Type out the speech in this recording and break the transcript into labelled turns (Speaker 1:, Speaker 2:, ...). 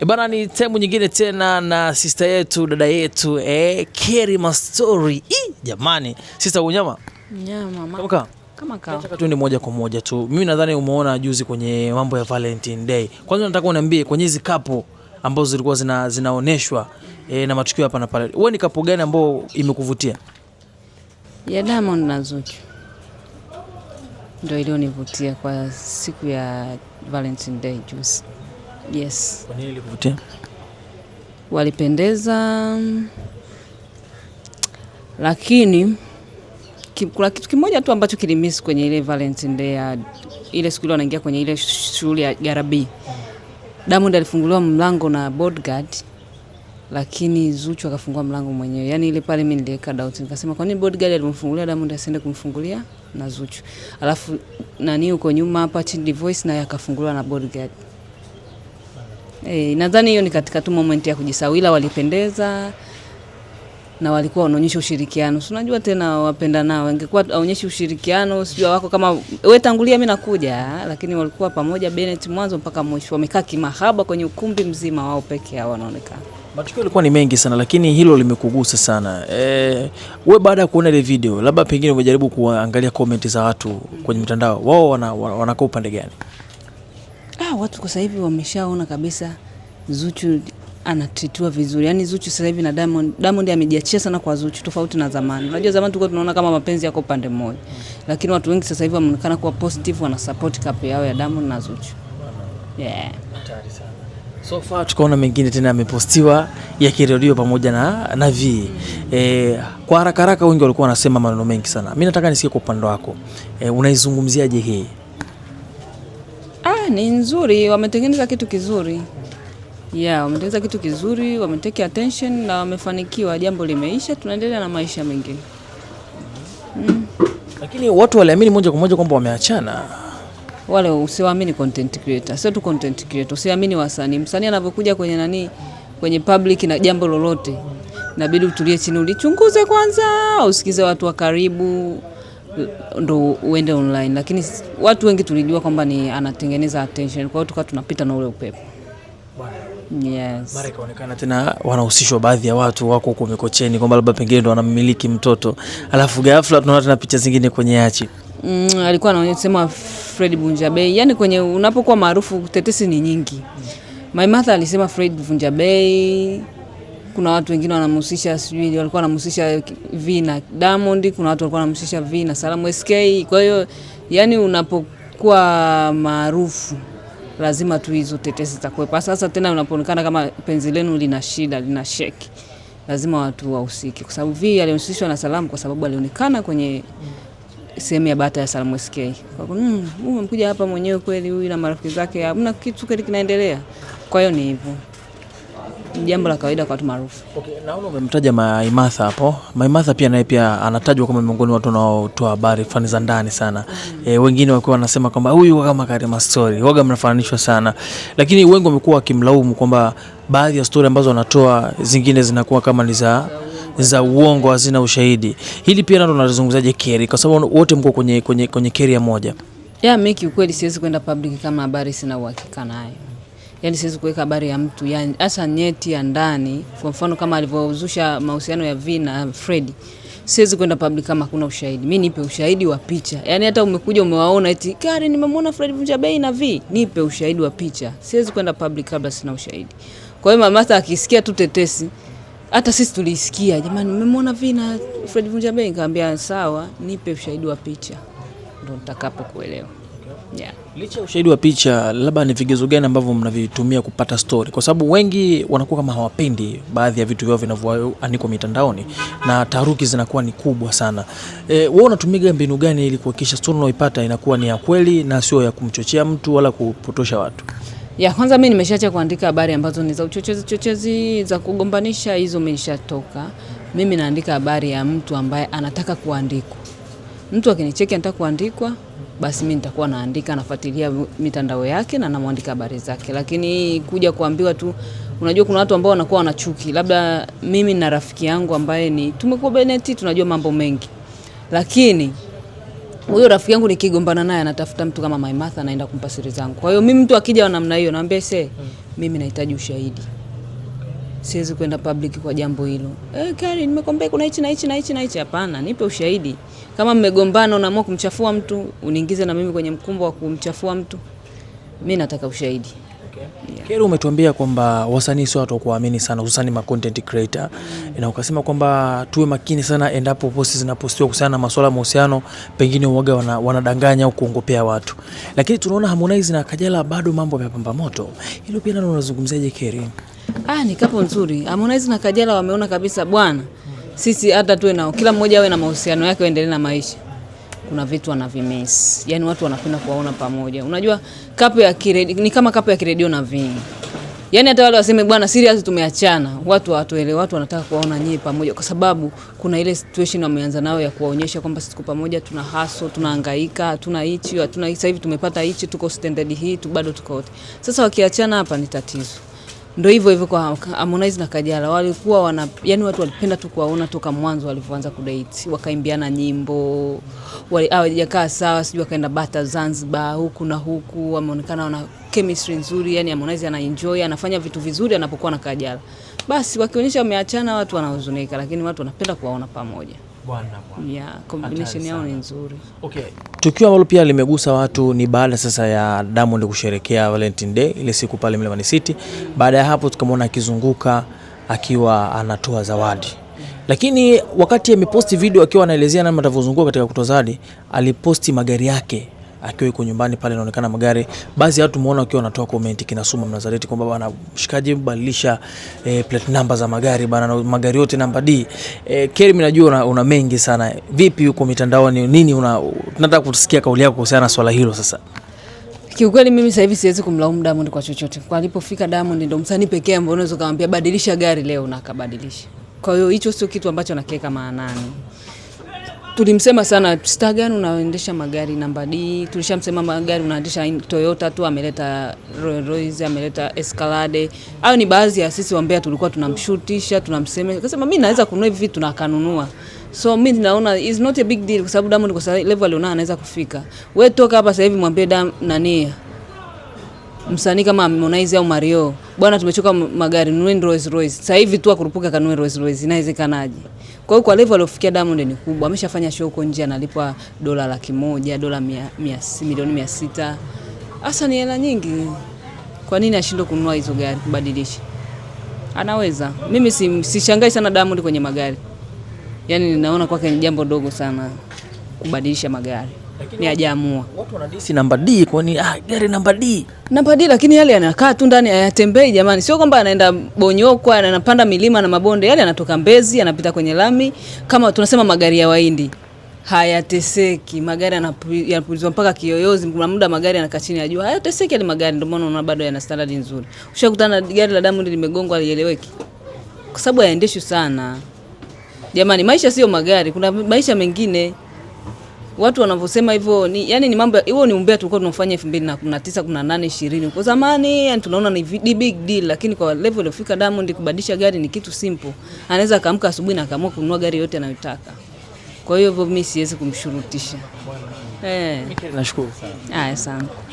Speaker 1: E bana, ni temu nyingine tena na sister yetu dada yetu eh, Kerry Mastori. Jamani sister unyama nyama mama.
Speaker 2: Kama kama
Speaker 1: ni moja kwa moja tu, mimi nadhani umeona juzi kwenye mambo ya Valentine Day. Kwanza nataka uniambie kwenye hizi kapo ambazo zilikuwa zina, zinaoneshwa eh, na matukio hapa na pale, wewe ni kapo gani ambayo imekuvutia?
Speaker 2: Ya Diamond na Zuchu ndio iliyonivutia kwa siku ya Valentine Day juzi. Yes.
Speaker 1: Kwa nini ilikuvutia?
Speaker 2: Walipendeza, lakini kuna kitu kimoja tu ambacho kilimisi kwenye ile Valentine Day ya ile siku ile wanaingia kwenye ile shule ya Garabi. Diamond alifunguliwa mlango na bodyguard lakini Zuchu akafungua mlango mwenyewe. Yaani ile pale mimi niliweka doubt. Nikasema kwa nini bodyguard alimfungulia Diamond asiende kumfungulia na Zuchu? Alafu nani uko nyuma hapa chini Voice naye akafunguliwa na bodyguard. E, nadhani hiyo ni katika tu moment ya kujisawila, walipendeza na walikuwa wanaonyesha ushirikiano. unajua tena wapenda nao, ingekuwa aonyeshe ushirikiano, sijua wako kama we tangulia, mimi nakuja, lakini walikuwa pamoja Bennett mwanzo mpaka mwisho, wamekaa kimahaba kwenye ukumbi mzima, wao peke yao wanaonekana.
Speaker 1: Matukio yalikuwa ni mengi sana, lakini hilo limekugusa sana e, we baada ya kuona ile video, labda pengine umejaribu kuangalia comment za watu kwenye mitandao, wao wanakaa wana upande gani?
Speaker 2: Ah, watu kwa sasa hivi wameshaona kabisa Zuchu anatitua vizuri. Yaani Zuchu sasa hivi na Diamond, Diamond amejiachia sana kwa Zuchu tofauti na zamani. Unajua zamani tulikuwa tunaona kama mapenzi yako pande moja. Lakini watu wengi sasa hivi wameonekana kuwa positive wana support couple yao ya Diamond na Zuchu. Yeah.
Speaker 1: So far tukaona mengine tena yamepostiwa ya kirodio pamoja na na V. E, kwa haraka haraka wengi walikuwa wanasema maneno mengi sana. Mimi nataka nisikie kwa upande wako. E, unaizungumziaje hii?
Speaker 2: ni nzuri, wametengeneza kitu kizuri yeah, wametengeneza kitu kizuri, wametake attention na wamefanikiwa, jambo limeisha, tunaendelea na maisha mengine
Speaker 1: mm. Lakini watu waliamini moja kwa moja kwamba wameachana
Speaker 2: wale. Usiwaamini content creator, sio tu content creator, usiamini wasanii. Msanii anapokuja kwenye nani, kwenye public na jambo lolote, inabidi utulie chini, ulichunguze kwanza, usikize watu wa karibu ndo uende online, lakini watu wengi tulijua kwamba ni anatengeneza attention, kwa hiyo tukawa tunapita na ule upepo. Yes.
Speaker 1: Mara ikaonekana tena wanahusishwa baadhi ya watu wako huko Mikocheni kwamba labda pengine ndo wanamiliki mtoto, alafu ghafla tunaona tena picha zingine kwenye achi.
Speaker 2: Mm, alikuwa anasema Fred Bunjabei, yani kwenye unapokuwa maarufu tetesi ni nyingi. My mother alisema Fred Bunjabei kuna watu wengine wanamhusisha sijui walikuwa wanamhusisha V na Diamond, kuna watu walikuwa wanamhusisha V na Salamu SK. Kwa hiyo yani, unapokuwa maarufu lazima tu hizo tetesi zitakuwepo. Sasa tena unapoonekana kama penzi lenu lina shida, lina sheki, lazima watu wahusike, kwa sababu V alihusishwa na Salamu kwa sababu alionekana kwenye sehemu ya bata ya Salamu SK. Kwa hiyo mmm, umekuja hapa mwenyewe kweli, huyu na marafiki zake, hamna kitu kile kinaendelea. Kwa hiyo ni hivyo jambo la kawaida kwa watu maarufu.
Speaker 1: Okay, naona umemtaja Maimatha hapo. Maimatha pia naye pia anatajwa kama miongoni watu wanaotoa habari fani za ndani sana. Mm. E, wengine wakiwa wanasema kwamba huyu kama Karima story, waga mnafananishwa sana. Lakini wengi wamekuwa wakimlaumu kwamba baadhi ya story ambazo wanatoa zingine zinakuwa kama ni za za uongo hazina ushahidi. Hili pia nalo tunalizungumzaje Keri, kwa sababu wote mko kwenye kwenye kwenye keri ya moja.
Speaker 2: Yeah, mimi kiukweli siwezi kwenda public kama habari sina uhakika nayo yani siwezi kuweka habari ya mtu yani hasa nyeti ya ndani. Kwa mfano kama alivyozusha mahusiano ya V na Fred, siwezi kwenda public kama kuna ushahidi. Mimi nipe ushahidi wa picha, yani hata umekuja umewaona eti kari, nimemwona Fred Vunja Bei na V, nipe ushahidi wa picha. Siwezi kwenda public kabla sina ushahidi. Kwa hiyo Mamata akisikia tu tetesi hata sisi tulisikia, jamani, mmemwona na Fred vunja bei? Nikamwambia sawa, nipe ushahidi wa picha, ndo nitakapo kuelewa. Yeah.
Speaker 1: Licha ya ushahidi wa picha, labda ni vigezo gani ambavyo mnavitumia kupata story? Kwa sababu wengi wanakuwa kama hawapendi baadhi ya vitu vyao vinavyoanikwa mitandaoni na taharuki zinakuwa ni kubwa sana. E, wewe unatumia mbinu gani ili kuhakikisha story unaoipata inakuwa ni ya kweli na sio ya kumchochea mtu wala kupotosha watu?
Speaker 2: Ya kwanza mimi nimeshaacha kuandika habari ambazo ni za uchochezi chochezi, za kugombanisha, hizo mimi nishatoka. Mimi naandika habari ya mtu ambaye anataka kuandikwa Mtu akinicheki anataka kuandikwa, basi mimi nitakuwa naandika, nafuatilia mitandao yake na namwandika habari zake. Lakini kuja kuambiwa tu, unajua kuna watu ambao wanakuwa wanachuki. Labda mimi na rafiki yangu ambaye ni tumekuwa beneti, tunajua mambo mengi, lakini huyo rafiki yangu nikigombana naye anatafuta mtu kama maimatha anaenda kumpa siri zangu. Kwa hiyo mimi mtu akija wa namna hiyo, naambia se, mimi nahitaji ushahidi siwezi kwenda public kwa jambo hilo. Eh, Karen, nimekwambia kuna hichi na hichi na hichi na hichi. Hapana, nipe ushahidi. Kama mmegombana unaamua kumchafua mtu, uniingize na mimi kwenye mkumbo wa kumchafua mtu. Mimi nataka ushahidi.
Speaker 1: Okay. Yeah. Kero, umetuambia kwamba wasanii sio watu wa kuamini sana hususan ma content creator mm. Na ukasema kwamba tuwe makini sana endapo posti zinapostiwa kuhusiana na masuala ya mahusiano, pengine uoga wana, wanadanganya au kuongopea watu, lakini tunaona Harmonize na Kajala bado mambo yamepamba moto. Hilo pia nalo unazungumziaje Kero?
Speaker 2: Ah, ni kapo nzuri. Harmonize na Kajala wameona kabisa bwana. Sisi hata tuwe nao. Kila mmoja awe na mahusiano yake aendelee na maisha. Kuna vitu wanavimiss. Yaani watu wanapenda kuwaona pamoja. Unajua kapo ya kiredio ni kama kapo ya kiredio na vingi. Yaani hata wale waseme bwana serious tumeachana. Watu hawatuelewa, watu wanataka kuwaona nyie pamoja kwa sababu kuna ile situation wameanza nayo ya kuwaonyesha kwamba sisi tuko pamoja, tuna haso, tunahangaika, hatuna hichi, hatuna sasa hivi tumepata hichi, tuko standard hii, tu bado tuko wote. Sasa wakiachana hapa ni tatizo ndo hivyo hivyo kwa Harmonize na Kajala, walikuwa wana yani, watu walipenda tu kuwaona toka mwanzo walivyoanza kudate, wakaimbiana nyimbo, ah, hawajakaa sawa, sijui wakaenda bata Zanzibar huku na huku, wameonekana wana chemistry nzuri. Yani Harmonize ana enjoy, anafanya vitu vizuri anapokuwa na Kajala, basi wakionyesha wameachana, watu wanahuzunika, lakini watu wanapenda kuwaona pamoja yeah, combination yao ni nzuri.
Speaker 1: Okay. Tukio ambalo pia limegusa watu ni baada sasa ya Diamond kusherekea Valentine Day ile siku pale Mlimani City. Baada ya hapo tukamwona akizunguka akiwa anatoa zawadi lakini wakati ameposti video akiwa anaelezea namna atavyozunguka katika kutoa zawadi, aliposti magari yake akiwa yuko nyumbani pale, inaonekana magari, baadhi ya watu muona wakiwa wanatoa comment Suma Mnazareti kwamba bwana mshikaji, badilisha eh, plate number za magari bwana, magari yote namba D. Eh, Kerim, najua una, una mengi sana, vipi yuko mitandaoni nini, una tunataka kusikia kauli yako kuhusiana na swala hilo sasa.
Speaker 2: Kiukweli mimi sasa hivi siwezi kumlaumu Diamond kwa chochote. Kwa alipofika Diamond ndio msanii pekee ambaye unaweza kumwambia badilisha gari leo na akabadilisha. Kwa hiyo hicho sio kitu ambacho nakiweka maanani tulimsema sana star gani unaendesha magari namba D. Tulishamsema magari unaendesha Toyota tu, ameleta Rolls Royce, ameleta Escalade. Hayo ni baadhi ya sisi wambea tulikuwa tunamshutisha, tunamsema. Akasema mimi naweza kununua hivi vitu na So mimi naona is not a big deal kwa sababu Diamond kwa level alionayo anaweza kufika. Wewe toka hapa sasa hivi mwambie Diamond nani msanii kama Harmonize au Mario, bwana, tumechoka magari, nunueni Rolls Royce. Sasa hivi tu akurupuka kanunue Rolls Royce, inawezekanaje? Kwa hiyo kwa level aliyofikia Diamond ni kubwa, ameshafanya show huko nje analipwa dola laki moja, dola milioni mia sita. Hasa ni hela nyingi, kwa nini ashindwe kununua hizo gari kubadilisha? Anaweza. Mimi si, sishangai sana Diamond kwenye magari, yaani ninaona kwake ni jambo dogo sana kubadilisha magari ni ajaamua. Watu
Speaker 1: wanadisi namba D, kwani ah, gari namba D,
Speaker 2: namba D, lakini yale yanakaa tu ndani, hayatembei jamani. Sio kwamba anaenda Bonyokwa, anapanda milima na mabonde, yale anatoka Mbezi, anapita kwenye lami, kama tunasema magari ya Wahindi hayateseki magari yanapulizwa mpaka kiyoyozi. Kuna muda magari yanakaa chini ya jua, hayateseki yale magari. Ndio maana unaona bado yana standard nzuri. Ushakutana na gari la damu limegongwa, lieleweki kwa sababu hayaendeshwi sana. Jamani, maisha sio magari, kuna maisha mengine watu wanavyosema hivyo ni yani, ni mambo hiyo, ni umbea tulikuwa tunafanya 2019 18 20 kwa zamani, yani tunaona ni big deal, lakini kwa level ofika Diamond kubadilisha gari ni kitu simple. Anaweza akaamka asubuhi na kaamua kununua gari yote anayotaka. Kwa hiyo hivyo mimi siwezi kumshurutisha. Eh,
Speaker 1: nashukuru sana.
Speaker 2: Ah, sana.